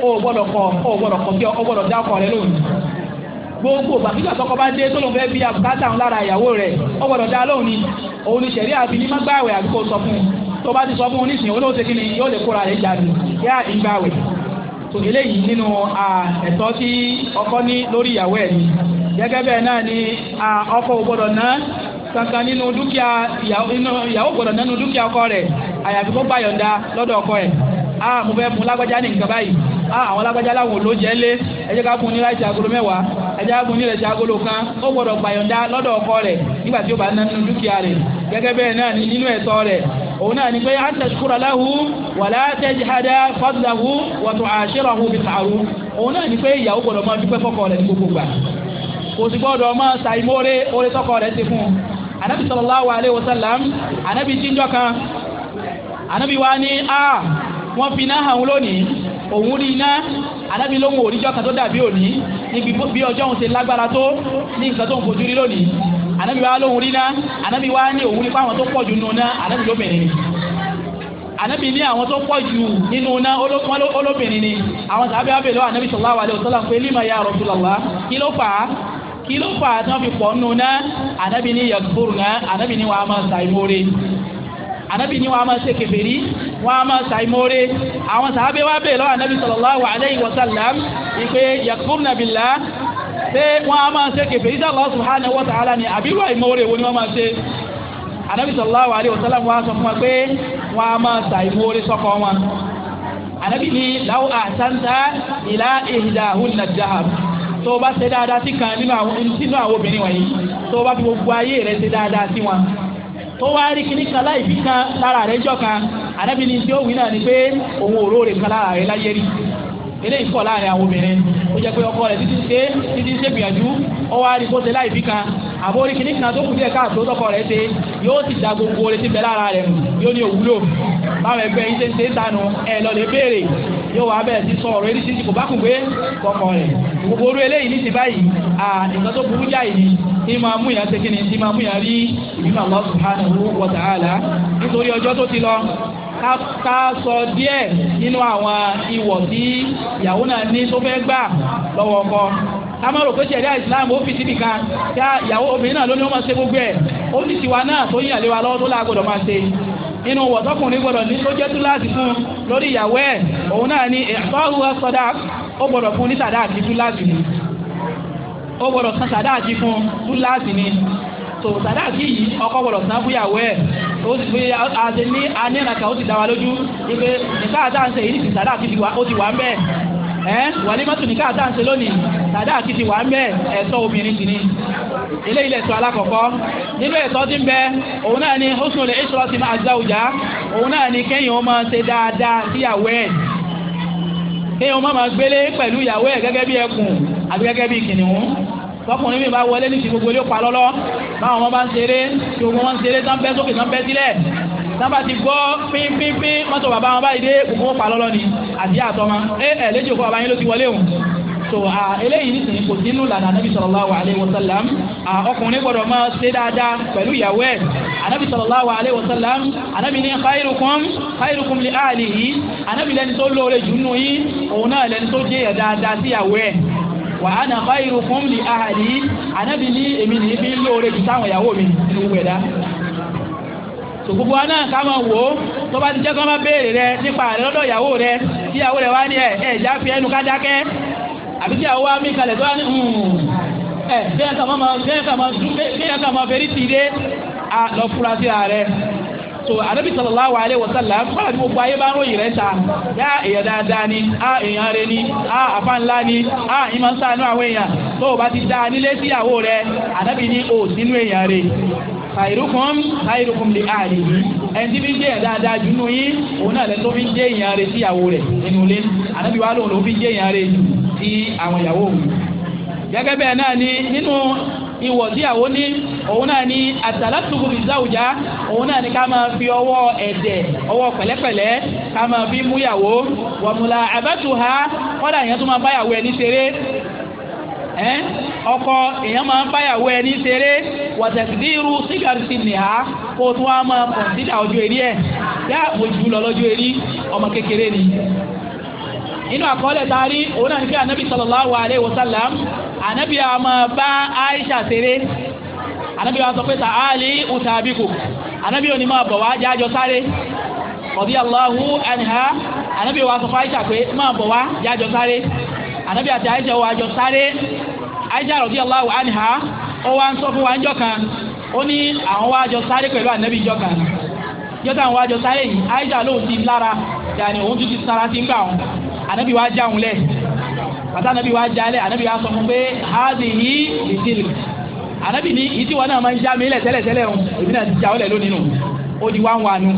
Speaker 1: o gbọ́dọ̀ kọ o gbọ́dọ̀ kọ kí o gbọ́dọ̀ dá ọkọ rẹ lóhun gbogbo bàbíjà tọkọ bá dé tó lóun fẹ́ bí abùkátà ń lára ìyàwó rẹ o gbọ́dọ̀ dá lóhun ni òun ni sẹ̀rí àbí ní má gbààwẹ̀ kò sọ fún un tó bá ti sọ fún un nísìnyí olóhùn ṣe kí ni yóò lè kóra rẹ jáde yá ìgbààwẹ̀ tòun eléyìí nínú ẹ̀tọ́ tí ọkọ ní lórí ìyàwó ẹ̀ ni gẹ́gẹ́ bẹ́ẹ̀ náà ni ọkọ ò gbọ́dọ̀ ná kankan nínú dúkìá ìyàwó gbọ́dọ̀ nánú dúkìá ọkọ rẹ̀ àyàfi kó gbàyọ̀ǹda lọ́dọ̀ ọkọ ẹ̀ a mo fẹ́ fún lágbájá ní nǹkan báyìí a àwọn lágbájá láwọn ò ló jẹ́ lé ẹ jẹ́ ká fún ní láìsí agolo mẹ́wàá ẹ jẹ́ ká fún ní ìrẹsì agolo kan ó gbọ́dọ̀ gbàyọ̀ǹda lọ́dọ̀ ọkọ rẹ̀ nígbà tí ó bá nánú dúkìá rẹ̀ gẹ́gẹ́ bẹ́ẹ̀ náà ni nínú ẹ̀tọ́ rẹ̀ òun náà ni pé a tashkura lahu wala tajhada fadlahu wa tu'ashirahu bil ma'ruf òun náà ni pé ìyàwó gbọ́dọ̀ máa dúpẹ́ fọ́kọ rẹ̀ ní gbogbo gbà kò sì gbọ́dọ̀ máa ṣàìmóore oore tọkọ rẹ̀ ti fún un anabi sallallahu alayhi wa sallam anabi jíjọ kan anabi wa ni a wọn fi iná hàn lónìí òun rí iná anabi ló ń wò oríjọ kan tó dàbí òní níbi bí ọjọ́ òun ṣe lágbára tó ní nǹkan tó ń fojú rí lónìí anabi wa lóhun rí iná anabi wa ní òun rí fáwọn tó pọ̀ jù nù anabi ló bẹ̀rẹ̀ ni ànábì ní àwọn tó pọ̀ jù nínú iná olóbìnrin ni àwọn tàbí abẹ́lẹ́ ànábì sallallahu alaihi wasallam pé lima ya Rasulullah kí ló fà á kí ló fà á tán fi pọ̀ nù náà ànábì ní yàgbóró náà ànábì ní wàá máa ṣàìmóore ànábì ní wàá máa ṣe kèfèrí wàá máa ṣàìmóore àwọn sàábé wa bèèrè lọ́wọ́ ànábì sallallahu alayhi wa sallam ìpè yàgbóró náà billah pé wọ́n á máa Allah subhanahu wa ta'ala ni àbí wàá ìmóore wo ni wọ́n máa sallallahu alayhi wa sallam wa pé wọ́n á máa ṣàìmóore sọ́kọ wọn ànábì ní law ahsanta ila ihdahunna al-jahab tó bá ṣe dáadáa sí kan nínú àwọn obìnrin wọ̀nyí tó bá fi gbogbo ayé rẹ̀ ṣe dáadáa sí wọn tó wá rí kíní kan láì fi kan lára rẹ̀ jọ kan àdábì ni tí ó wí náà ni pé òun ò róore kan lára rẹ̀ láyé rí eléyìí kọ̀ láàrin àwọn obìnrin ó jẹ́ pé ọkọ rẹ̀ títí ṣe títí ṣe gbìyànjú ó wá rí kó ṣe láì fi kan àbórí kìíní kan tó kù díẹ̀ káàtó tọkọ rẹ̀ ṣe yóò ti da gbogbo oore ti bẹ lára rẹ̀ yóò ní òwúlò báwọn ẹgbẹ́ yóò wá bẹ̀rẹ̀ sí sọ̀rọ̀ eré títí kò bá kù gbé kọkọ rẹ̀ gbogbo orú eléyìí ní ti báyìí à nǹkan tó burú jáì ni ní máa mú yàn sékìní ní máa mú yàn rí ìbínú Allah subhanahu wa ta'ala nítorí ọjọ́ tó ti lọ ká sọ díẹ̀ nínú àwọn ìwọ̀ tí ìyàwó náà ní tó fẹ́ gbà lọ́wọ́ ọkọ ká má rò pé ṣẹ̀ríà islam ó fi síbi kan ká ìyàwó obìnrin náà ló ní wọ́n máa ṣe gbogbo ẹ̀ ó ní tiwa náà tó yàn lé wa lọ́wọ́ tó lágbọ́dọ̀ máa ṣe inú wọ̀tọ́kùnrin gbọ́dọ̀ ní ló jẹ́ tú láti fún lórí ìyàwó ẹ̀ òun náà ni ẹ̀fọ́rù ọ̀sọ̀dá ó gbọ́dọ̀ fún ní sàdá àti tú láti ni ó gbọ́dọ̀ san sàdá àti fún tú láti ni tó sàdá àti yìí ọkọ gbọ́dọ̀ san fún ìyàwó ẹ̀ ó sì fi àti ní anírànkà ó ti dá wa lójú wípé ìsáàtà ń ṣe yìí ti sàdá àti ó ti wà ń bẹ́ẹ̀ ẹ wàlímọ́tò ní káàtà ń ṣe lónìí tàdá àti ti wà ń bẹ ẹ̀tọ́ obìnrin sì ni ilé ilẹ̀ tó alákọ̀ọ́kọ́ nínú ẹ̀tọ́ tí ń bẹ òun náà ni husnul ishrati ma'a zawja òun náà ni kéèyàn ó ṣe dáadáa síyàwó ẹ̀ kéèyàn ó máa gbélé pẹ̀lú ìyàwó ẹ̀ gẹ́gẹ́ bí ẹkùn àbí gẹ́gẹ́ bí kìnìún tọkùnrin mi bá wọlé gbogbo pa lọ́lọ́ báwọn ọmọ bá ń ṣeré tí ogun wọn ń ṣeré tán bẹ́ sókè tán bẹ́ sílẹ̀ ti gbọ́ pínpínpín àbí àtọ́mọ ẹ ẹ lẹ́jọ́ kó abayín ló ti wọlé òun so eléyìí nísìnyí kò sínú lànà anabi sallallahu alayhi wa sallam ọkùnrin gbọ́dọ̀ máa ṣe dáadáa pẹ̀lú ìyàwó ẹ̀ anabi sallallahu alayhi wa sallam anabi ní khairukum khairukum li ahlihi anabi lẹni tó lóore jù nù yín òun náà lẹni tó jẹ́ dáadáa sí ìyàwó ẹ̀ wa ana khairukum li ahlihi anabi ní èmi nìyí fi lóore jù sáwọn ìyàwó mi nínú gbẹ̀dá tó gbogbo wa náà ká máa wò ó tó bá ti jẹ́ kó máa béèrè rẹ nípa rẹ lọ́dọ̀ ìyàwó rẹ kí ìyàwó rẹ wá ní ẹ̀ ẹ̀ já fi ẹnu ká dákẹ́ àbí kí ìyàwó wa mí kalẹ̀ tó wá ní hmm, ẹ̀ bẹ́ẹ̀ kà máa bẹ́ẹ̀ kà máa fẹ́rí tì dé a lọ fura sí ààrẹ so anabi sallallahu alayhi wa sallam fún àdúgbò gbogbo ayé bá ń ròyìn rẹ ta yá èèyàn dáadáa ni a èèyàn rẹ ni a àfa ni a ìmọ̀ ń àwọn èèyàn tó o bá ti dá a nílé síyàwó rẹ anabi ní o sínú èèyàn rẹ khairukum khairukum li ahlihi ẹni tí bí jẹ́ dáadáa jù nù yín òun náà lẹ́tọ́ fi jẹ́ ìyàn rẹ̀ síyàwó rẹ̀ nínú ilé ànábì wa lòun ló fi jẹ́ ìyàn rẹ̀ sí àwọn ìyàwó òun gẹ́gẹ́ bẹ́ẹ̀ náà ni nínú ìwọ̀ síyàwó ní òun náà ni àtàlátùkù ìzáwùjá òun náà ni ká máa fi ọwọ́ ẹ̀dẹ̀ ọwọ́ pẹ̀lẹ́pẹ̀lẹ́ ká máa fi múyàwó wàmùlà àbẹ́tù ha kọ́dà yẹn tó máa báyàwó ẹni ṣeré ẹ ọkọ èèyàn máa ń báyàwó ẹ ṣeré wàtẹ̀sídìrú sígàrìsì nìhá kó tún wá máa kọ̀ǹsídà ọjọ́ eré ẹ̀ yá òjò lọ lọ́jọ́ eré ọmọ kékeré ni inú àkọọ́lẹ̀ a rí òun náà ní pé anabi sallallahu alayhi anabi a máa bá aisha ṣeré anabi wa sọ pé ta'ali anabi òní máa bọ̀ wá jájọ sáré anabi wa aisha pé máa bọ̀ wá jájọ ànábì àti àyíṣà wa jọ sáré àyíṣà radiyallahu anha ó wá ń sọ fún wa ńjọ́ kan ó ní àwọn wa jọ sáré pẹ̀lú ànábì ńjọ́ kan jọ́tà àwọn wa jọ sáré yìí àyíṣà lóhùn ti lára yàní òun tún ti sára ti ń gbà wọn ànábì wa já òun lẹ̀ àti ànábì wa já lẹ̀ ànábì wa sọ fún pé hádìí ìdílé ànábì ní ìdí wọn náà máa ń já mi lẹ̀ tẹ́lẹ̀tẹ́lẹ̀ òun èmi náà ti já ọ lẹ̀ lónìí nù ó di wá ń nù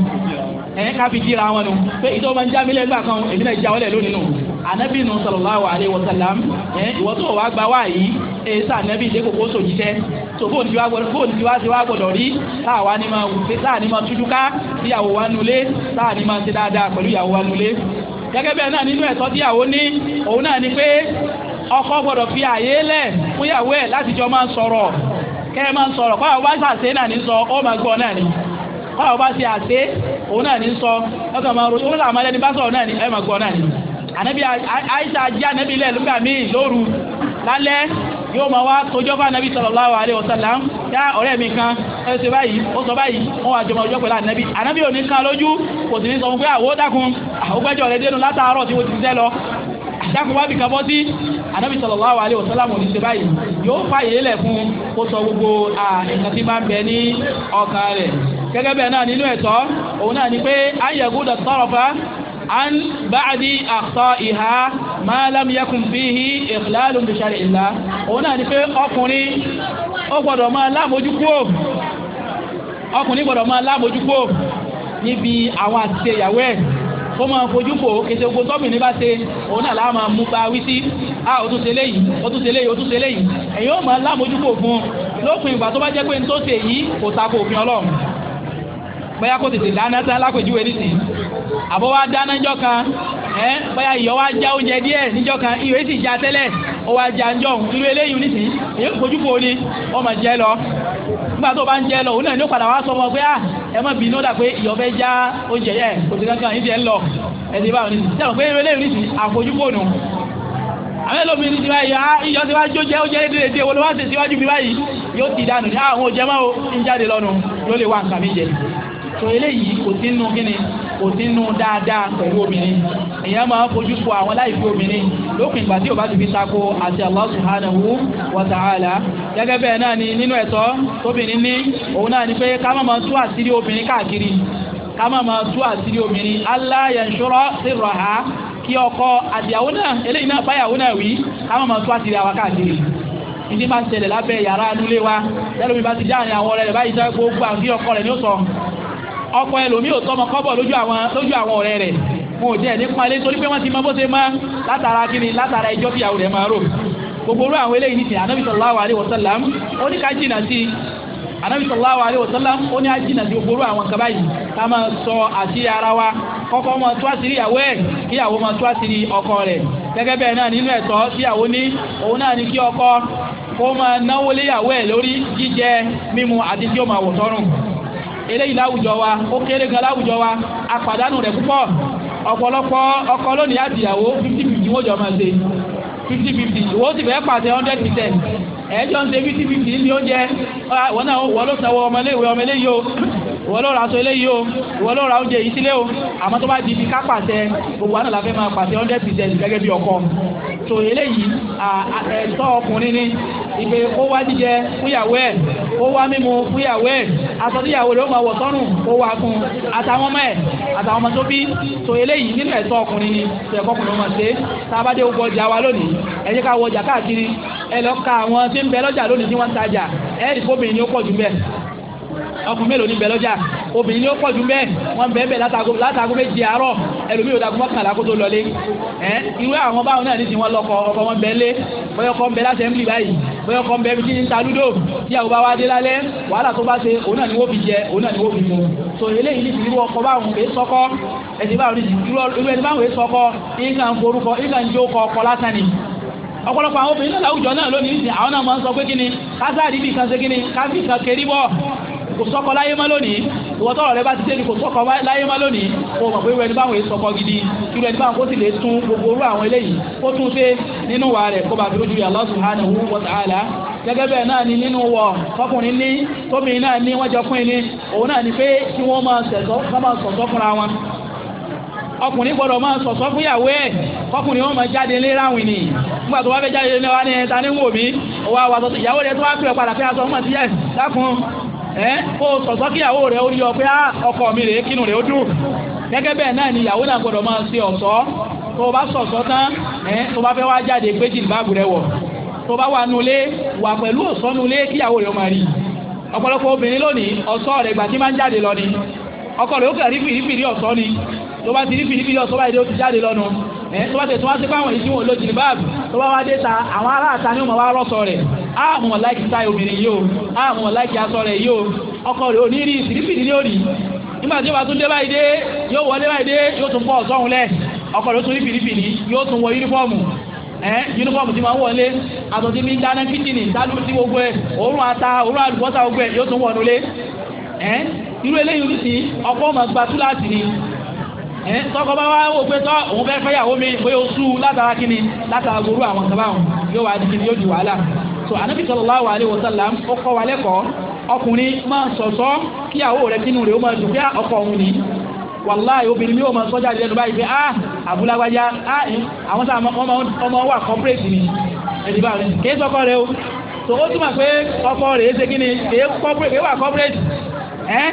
Speaker 1: ẹ̀yìn ká fi wọn nù pé ìdí wọn máa ń já mi lẹ̀ gbà kan èmi náà ti já ọ lónìí nù ànábì nù sallallahu alaihi wasallam ẹ ìwọ tó wàá gba wá yìí ẹ sá ànábì dé kókó sòjíṣẹ́ tó bóun ti wá gbọ́dọ̀ bóun ti wá ti wá gbọ́dọ̀ rí táwa ni máa wù pé táà ni máa tújú ká síyàwó wa nulẹ̀ táà ni máa ṣe dáadáa pẹ̀lú ìyàwó wa nulẹ̀ gẹ́gẹ́ bẹ́ẹ̀ náà nínú ẹ̀tọ́ tíyàwó ní òun náà ni pé ọkọ gbọ́dọ̀ fi àyè lẹ̀ fún ìyàwó ẹ̀ láti jọ máa ń sọ̀rọ̀ kẹ́ ẹ máa ń sọ̀rọ̀ kọ́ àwọn bá ṣàṣe náà ní sọ ó máa gbọ́ náà ni kọ́ àwọn bá ṣe àṣe òun náà ní sọ ọkọ̀ máa ro ó làmọ́ ẹni bá sọ̀rọ̀ náà ni ẹ máa gbọ́ náà ni. Anabi àìsà ajá ànábì ilẹ̀ lùgbà míì lóru lálẹ́ yóò máa wá tójọ́ fún ànábì sallallahu alaihi wasallam ya ọ̀rẹ́ mi kan ẹ ṣe báyìí ó sọ báyìí wọn wà jọmọ ọjọ́ pẹ̀lú ànábì ànábì ò ní kan lójú kò sì ní sọ fún pé àwọ̀ dákun àwògbẹ́jọ rẹ dénú látàárọ̀ tí mo ti ṣiṣẹ́ lọ dákun wá bìkan bọ́ sí ànábì sallallahu alaihi wasallam ò ní ṣe báyìí yóò fàyè lẹ̀ fún kó sọ gbogbo nǹkan tí máa ń bẹ ní ọkàn rẹ̀ gẹ́gẹ́ bẹ́ẹ̀ náà nínú ẹ̀tọ́ òun náà ni pé ayẹ̀gúdọ̀ tọrọ̀fà an báàdì àkọ́ ìhá máa lámìyẹ́kùn bí i ìkìláàlù bí sàrì ìlà òun náà ni pé ọkùnrin ó gbọ́dọ̀ máa lámójúkúò ọkùnrin gbọ́dọ̀ máa lámójúkúò níbi àwọn àti ìyàwó ẹ̀ ó máa fojú fò kése ogun tọ́mìnì bá ṣe òun náà láà mú bá wí sí a ó tún ṣe léyìí ó tún ṣe léyìí ó tún ṣe léyìí ẹ̀yin ó máa lámójú fò fún un lópin ìgbà tó bá jẹ́ pé ní tó ṣe yìí kò ta kò òfin ọlọ́run bóyá kò tètè dáná tán lápèjúwe nísìnyí àbọ̀ wa dáná níjọ́ kan ẹ bóyá ìyọ́ wa já oúnjẹ díẹ̀ níjọ́ kan ìwé sì já tẹ́lẹ̀ ó wa já ń jọ̀hún irú eléyìí nísìnyí èyí kojú kò ní ọmọ jẹ lọ nígbà tó bá ń jẹ lọ òun náà ní ó padà wá sọ ọmọ pé à ah, ẹ má bínú dà pé ìyọ́ fẹ́ já oúnjẹ yẹ kò sí kankan ìdí ẹ ń lọ ẹ̀sìn ìbáwọn nísìnyí sẹ́wọ̀n pé irú eléyìí nísìnyí àfojú kò nù àwọn ẹlòmíín ti báyìí á ah, ìyọ́ ti wá jó jẹ́ ó jẹ́ lédè èdè wọn ló wá ń tẹ̀síwájú mi báyìí yóò ti dànù ní ah, àwọn òjẹ́ máa lọ́nu yóò lè wá nǹkan mi jẹ. sọ eléyìí kò sí nínú kíni kò sínú dáadáa pẹ̀lú obìnrin èèyàn máa fojú fo àwọn láìpẹ́ obìnrin lópin ìgbà tí ò bá ti fi tako àti Allah subhanahu wa ta'ala gẹ́gẹ́ bẹ́ẹ̀ náà ni nínú ẹ̀tọ́ tóbìnrin ní òun náà ni pé ká má máa tú àṣírí obìnrin káàkiri ká má máa tú àṣírí obìnrin Allah yanshura sirraha kí ọkọ àdìyàwó náà eléyìí náà báyàwó náà wí ká má máa tú àṣírí àwa káàkiri ìdí máa ń ṣẹlẹ̀ lábẹ́ yàrá anúlé wa lẹ́nu mi bá ti dáhùn àwọn ọ̀rẹ́ rẹ̀ báyìí sọ gbogbo àfi ọkọ rẹ̀ ní ó sọ ọkọ ẹlòmíì ò tọmọ kọ́bọ̀ lójú àwọn lójú àwọn ọ̀rẹ́ rẹ̀ wọn ò jẹ́ ní palẹ̀ torí pé wọ́n ti mọ bó ṣe máa látara kíni látara ẹjọ́ bí àwọn rẹ̀ máa rò gbogbo orú àwọn eléyìí nìsín anabi sallallahu alayhi wa sallam ó ní ká jìnnà sí i anabi sallallahu alayhi wa sallam ó ní á jìnnà sí gbogbo orú àwọn kaba yìí ká máa sọ àṣírí ara wa kọ́kọ́ máa tú àṣírí ìyàwó ẹ̀ kí ìyàwó máa tú àṣírí ọkọ rẹ̀ gẹ́gẹ́ bẹ́ẹ̀ náà nínú ẹ̀tọ́ tí ní òun náà ní kí ọkọ kó máa náwó léyàwó ẹ̀ lórí jíjẹ mímu àti tí ó máa wò sọ́rùn eléyìí láwùjọ wa ó kéré gan láwùjọ wa àpàdánù rẹ̀ púpọ̀ ọ̀pọ̀lọpọ̀ ọkọ lónìí àti fifty fifty wọ́n jọ máa ṣe fifty fifty ìwọ sì fẹ́ pàṣẹ hundred percent ẹ̀ẹ́dọ́ ń ṣe fifty fifty ní oúnjẹ wọn náà wọ́n ló sanwó ọmọ iléèwé o ìwọ ló ra aṣọ eléyìí o ìwọ ló ra oúnjẹ yìí sílé o àmọ́ tó bá di ibi ká pàṣẹ gbogbo àná la fẹ́ máa pàṣẹ hundred percent gẹ́gẹ́ bí ọkọ tó eléyìí ẹ̀tọ́ ọkùnrin ni ìpè kó wá jíjẹ fúyàwó ẹ̀ kó wá mímu fúyàwó ẹ̀ aṣọ tíyàwó rẹ̀ ó máa wọ̀ sọ́rùn kó wá fún àtàwọn ọmọ ẹ̀ àtàwọn ọmọ tó bí tó eléyìí nínú ẹ̀tọ́ ọkùnrin ni tó ẹ̀kọ́ ọkùnrin ọmọ ṣe tá a bá dé gbọ́ ọjà wa lónìí ẹ jẹ́ ká wọ ọjà káàkiri ẹ lọ ka àwọn tí ń bẹ lọ́jà lónìí tí wọ́n ń tajà ẹ̀ẹ́dì fóbìnrin ni ó pọ̀ jù bẹ́ẹ̀ ọkùnrin mélòó ní bẹ́ẹ̀ lọ́jà obìnrin ni ó pọ̀ jù ń bẹ́ẹ̀ wọ́n bẹ́ẹ̀ bẹ́ẹ̀ látàgó méje àárọ̀ ẹlòmíì òdàgó mọ́kànlá kó tó lọlé ẹ irú àwọn báwọn náà ní ti wọn lọkọ ọkọ wọn bẹ́ẹ̀ lé bọ́yọ̀ kọ́ ń bẹ lásẹ̀mblì báyìí bọ́yọ̀ kọ́ ń bẹ bí kí ta lúdò tí àwọn bá wá dé lálẹ́ wàhálà tó bá ṣe òun náà ni wọ́n fi jẹ òun náà ni wọ́n fi mu so eléyìí ní ti irú ọkọ báwọn èé sọkọ ẹ̀sìn báwọn irú ẹni báwọn èé sọkọ ìgbà ń forúkọ ìgbà ń jókọ ọkọ lásán ni ọ̀pọ̀lọpọ̀ àwọn obìnrin náà láwùjọ náà lónìí àwọn náà máa ń sọ pé kí ni kásáàdì bì kan ṣe kí ni káfíìkan kẹrí bọ̀ kò sọ́kọ láyé má lónìí ìwọ́n tọ́rọ̀ rẹ bá ti tẹ́lẹ̀ kò sọ́kọ láyé má lónìí kò mọ̀ pé irú ẹni báwọn sọ́kọ gidi irú ẹni báwọn kó sì lè tún gbogbo orú àwọn eléyìí kó tún ṣe nínú wa rẹ̀ kó bá fi lójú Allah subhanahu wa ta'ala gẹ́gẹ́ bẹ́ẹ̀ náà ni nínú wọ̀ ọkùnrin ní tómi náà ní wọ́n jọ fún ẹni òun náà ni pé kí wọ́n máa sọ̀tọ̀ fúnra wọn ọkùnrin gbọ́dọ̀ máa sọ̀sọ́ fún ìyàwó ẹ̀ ọkùnrin wọn máa jáde lé ráwìn ni nígbà tó wá fẹ́ jáde lé wa ní ẹ̀ta ní wò mí òwò àwọn ìyàwó rẹ̀ tó wá pè padà fẹ́ aṣọ fún àtijọ́ dákun ẹ kó o sọ̀tọ́ kí ìyàwó rẹ̀ ó yọ pé ah, ọkọ mi rèé kínú rẹ̀ ó dùn gẹ́gẹ́ bẹ́ẹ̀ náà ni ìyàwó náà gbọ́dọ̀ máa ṣe ọ̀ṣọ́ tó o bá sọ̀tọ́ tán ẹ tó o bá fẹ́ wá jáde rẹ wọ̀ tó o bá wà nulẹ̀ wà pẹ̀lú ọ̀ṣọ́ nulẹ̀ kí ìyàwó rẹ̀ máa rí ọ̀pọ̀lọpọ̀ obìnrin lónìí ọ̀ṣọ́ rẹ̀ gbà tí máa ń jáde lọ ni rẹ̀ tó bá ti rí fìdíbí yọ tó bá ó ti jáde lọ́nu ẹ tó bá tẹ̀ tó wá sí fáwọn ìṣí wọn lójì báàbù tó bá wá dé ta àwọn aráàta ni wọn wá rọ́sọ rẹ̀ á mọ̀ láìkí táì obìnrin yìí o á mọ̀ láìkí aṣọ rẹ̀ yìí o ọkọ rẹ̀ ò ní rí fìdíbí ní òrì nígbà tí ó bá tún dé báyìí dé yóò wọlé báyìí dé yóò tún bọ́ ọ̀sọ́hun lẹ̀ ọkọ rẹ̀ ó tún rí fìdíbí ní yóò tún wọ yúnífọ́ọ̀mù yunifọmù ti máa ń wọlé àtọ̀ mi dáná kíndìnì dálú sí gbogbo ẹ̀ òórùn ata òórùn àlùbọ́sà gbogbo ẹ̀ yóò tún wọnú lé irú eléyìí ti ọkọ ọmọ gba túláàsì ni ẹ̀ tọkọ bá wá wò pé tọ́ òun fẹ́ fẹ́yàwó mi pé o sú látara kíni látara gorú àwọn kaba wọn yóò wá di kíni yóò di wàhálà so anabi sallallahu alaihi wasallam ó kọ́ wa lẹ́kọ̀ọ́ ọkùnrin máa sọ̀sọ́ kíyàwó rẹ̀ kínú rẹ̀ ó máa dùn bíá ah, ọkọ òun ni wàláì obìnrin yóò máa sọ́jà lẹ́nu báyìí pé ah àbúlágbájá ah àwọn sáà ọmọ wà corporate ni ẹ̀dìbà rẹ̀ kìí sọ́kọ rẹ̀ o so ó túmọ̀ pé ọkọ rẹ̀ ṣe kí ni kìí wà corporate ẹ́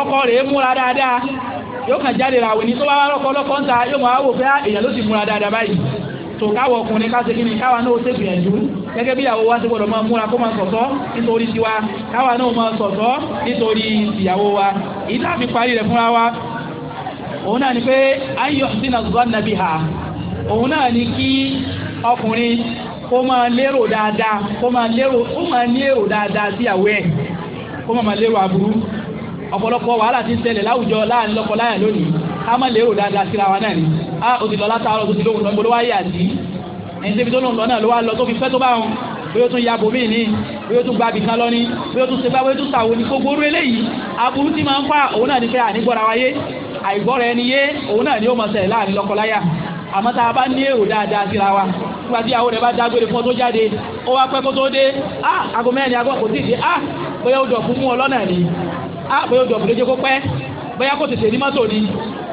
Speaker 1: ọkọ rẹ̀ múra dáadáa yóò kàn jáde ràwẹ̀ ní tó bá lọ́kọ́ lọ́kọ́ ń ta yóò máa wò pé ah, èèyàn ló ti múra dáadáa báyìí tó káwọ ọkùnrin ká ṣe ni káwa náà ó ṣe gbìyànjú gẹ́gẹ́ bí ìyàwó wa gbọ́dọ̀ máa múra kó máa nítorí tiwa náà máa wa a fi parí wa òun náà ni pé ayọ̀ nàbí ha òun náà ni kí ọkùnrin kó máa lérò dáadáa kó máa lérò ọ̀pọ̀lọpọ̀ wàhálà ti ń ṣẹlẹ̀ láwùjọ láàrin lọ́kọ láyà lónìí ká má lérò dáadáa síra wa náà ni a ò ti lọ látàárọ̀ tó ti lóhùn lọ́gbọ́n ló wá yà sí ẹni tẹ́bi tó lóhùn lọ náà ló wá lọ tó fi fẹ́ tó bá wọn bóyá tún ya bòmíì ní bóyá tún gba abìkan lọ ní bóyá tún segbá bóyá tún sàwọn ní gbogbo orú eléyìí aburú tí máa ń fà òun náà ní fẹ́ ànígbọ́ra wáyé àìgbọ́ra ẹni yé òun náà ni ó máa ṣẹlẹ̀ láàrin lọ́kọláya àmọ́ tá a bá ní èrò dáadáa síra wa nígbà tí àwọn rẹ̀ bá dágbére fún ọ tó jáde ó wá pẹ́ kó tó dé ah aago mẹ́rin aago kò tíì dé ah bóyá ó dọ̀kú mú ọ lọ́nà ni àpòyọ ah, dọ̀bù lójú kó pẹ́ bóyá kó tètè ní mọ́tò ni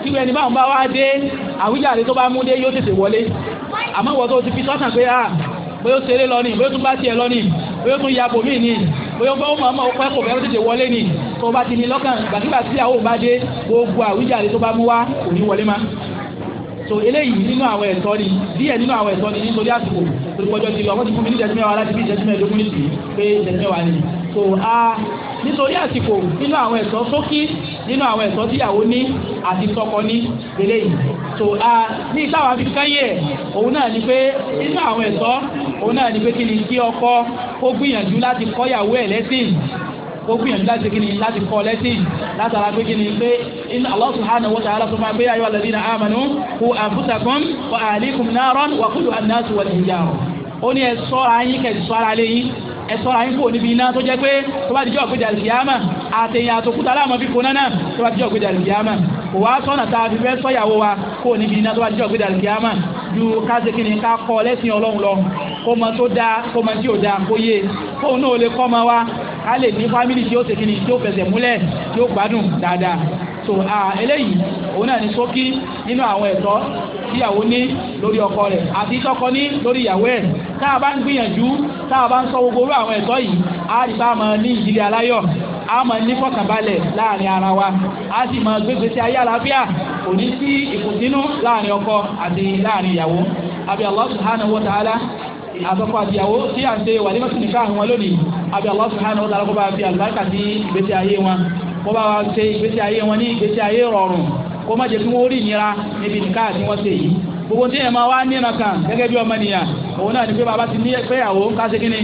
Speaker 1: kí ẹni báwọn bá wá dé àwíjàre tó bá mú dé yóò tètè wọlé àmọ́ wọ́n tó ti fi sọ́tàn pé ah bóyá ó lọ ni bóyá ó tún bá tiẹ̀ lọ ni bóyá tún ya bòmí ni bóyá ó bá ọmọ ọmọ ọpẹ́ kò fẹ́ẹ́ tètè wọlé ni tó o bá ti ní lọ́kàn gbàgbà tí àwọn bá dé gbogbo àwíjàre tó bá mú wá kò ní wọlé má so eléyìí nínú àwọn ẹ̀tọ́ ni díẹ̀ nínú àwọn ẹ̀tọ́ ni nítorí àsìkò torí pọ́jọ́ ti lọ wọ́n ti fún mi ní ìjẹ́jú mẹ́wàá láti bí ìjẹ́jú mẹ́ẹ̀ẹ́dógún nìsí pé ìjẹ́jú mẹ́wàá ni so a nítorí àsìkò nínú àwọn ẹ̀tọ́ sókí nínú àwọn ẹ̀tọ́ tíyàwó ní àti tọkọ ní lélẹ́yìn so a ní ìtawà fi káyé ẹ̀ òun náà ni pé nínú àwọn ẹ̀tọ́ òun náà ni pé kí ni kí ọkọ kó gbìyànjú láti kọ́yàwó ẹ̀ lẹ́sìn ó gbìyànjú láti kí ni láti kọ́ lẹ́sìn látara pé kí ni pé Allah subhanahu wa ta'ala máa pé ayyuhal ladhina amanu qu anfusakum wa ahlikum naran wa qudha an-nasu wal hijara ó ní ẹ ṣọ́ra yín kẹ́ ṣọ́ra lé yín ẹ ṣọ́ra yín kò níbi iná tó jẹ́ pé tó bá dijọ́ ògbéjà ìyáàmà àtẹ̀yìn àtòkúta láàmú fi kóná náà tó bá dijọ́ ògbéjà ìyáàmà kò wá sọ́nà tá a fi fẹ́ sọ́yàwó wa kò níbi iná tó bá dijọ́ ògbéjà ìyáàmà ju káṣekí ni ká kọ́ lẹ́sìn ọlọ́run lọ kó mọ tó dáa kó mọ tí ò dáa kó yé kóun náà lè kọ́ mọ wa ká lè ní fámìlì tí ó ṣèkí tí ó fẹsẹ̀ múlẹ̀ tí ó gbádùn dáadáa so eléyìí òun náà ní ṣókí nínú àwọn ẹ̀tọ́ tíyàwó ní lórí ọkọ rẹ̀ àti tọkọ ní lórí ìyàwó ẹ̀ tá a bá ń gbìyànjú tá a bá ń sọ gbogbo orú àwọn ẹ̀tọ́ yìí á rí bá a máa ní ìdílé aláyọ̀ a máa ní fọkànbalẹ̀ láàrin ara wa a sì máa gbégbé sí ayé àlàáfíà kò ní sí ìkùnsínú láàrin ọkọ àti láàrin ìyàwó àbí Allah subhanahu wa ta'ala àtọ́kọ́ àti ìyàwó tí à ń ṣe wàlímọ̀sí nìkan àwọn lónìí àbí Allah subhanahu wa ta'ala kó bá fi àlùbáríkà sí ìgbésí ayé wọn kó bá wa ṣe ìgbésí ayé wọn ní ìgbésí ayé rọrùn kó má jẹ́ kí wọ́n rí ìnira níbi nìkan àti wọ́n ṣe yìí gbogbo tí ẹ̀ máa wá ní ẹ̀nà kan gẹ́gẹ́ bí ọmọ nìyà òun náà ni pé bàbá ti ní ẹ̀fẹ́yàwó ká ṣe kí ni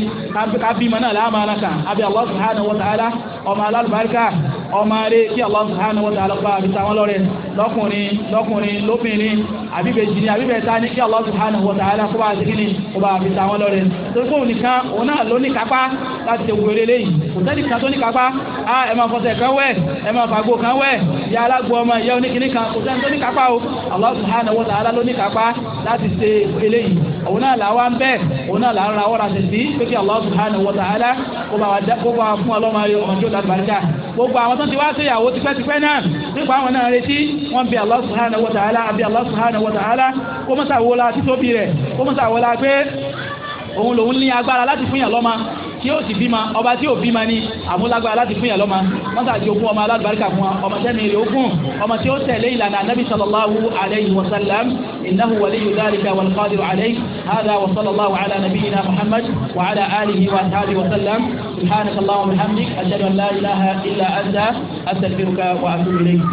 Speaker 1: ká bímọ náà láàmà ẹ̀nà kan àbí Allah subhanahu wa ta'ala ọmọ alálùbáríkà ọmọ rẹ kí Allah subhanahu wa ta'ala bá àbíta wọn lọ́rẹ̀ lọ́kùnrin lọ́kùnrin lóbìnrin àbíbèjì ni àbíbẹ̀ta ní kí Allah subhanahu wa ta'ala kó bá àti kíni kó bá àbíta wọn lọ́rẹ̀ torí kóun nìkan òun náà ló ní kápá láti ṣe wèrè léyìí kò sẹ́ni kan tó ní kápá a ẹ̀ máa fọṣẹ kan wẹ̀ ẹ̀ máa fàgbo kan wẹ̀ ìyá alágbó ọmọ ìyá oníkíní kan kò sẹ́ni tó ní kápá o Allah subhanahu wa ta'ala ló ní kápá láti ṣe eléyìí òun àwọn tó ti wá ṣèyàwó tipẹ́tipẹ́ náà nípa àwọn náà retí wọ́n bí Allah subhanahu wa ta'ala àbí Allah subhanahu wa ta'ala kó mọ́sàwọ́lá títóbi rẹ̀ kó mọ́sàwọ́lá pé òun lòun ní agbára láti fún yàn lọ́mọ tí yóò sì bímọ ọba tí yóò bímọ ni àmúlágbára láti fún yàn lọ́mọ wọ́n sà di ogún ọmọ alábàríkà fún wa ọmọ tẹ́mi rè ogún ọmọ tí ó tẹ̀lé ìlànà anabi sallallahu alayhi wa sallam innahu waliyu dhalika wal qadiru alayhi hada wa sallallahu ala nabiyyina muhammad wa ala alihi wa sahbihi wa sallam subhanaka allahumma wa bihamdik ashhadu ilaha illa anta astaghfiruka wa atubu ilayk.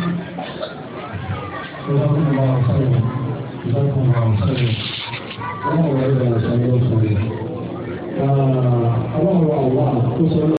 Speaker 2: جزاكم الله خيرا جزاكم الله خيرا اللهم اجعلنا سميعا ọlọ́run wa wà tó sọ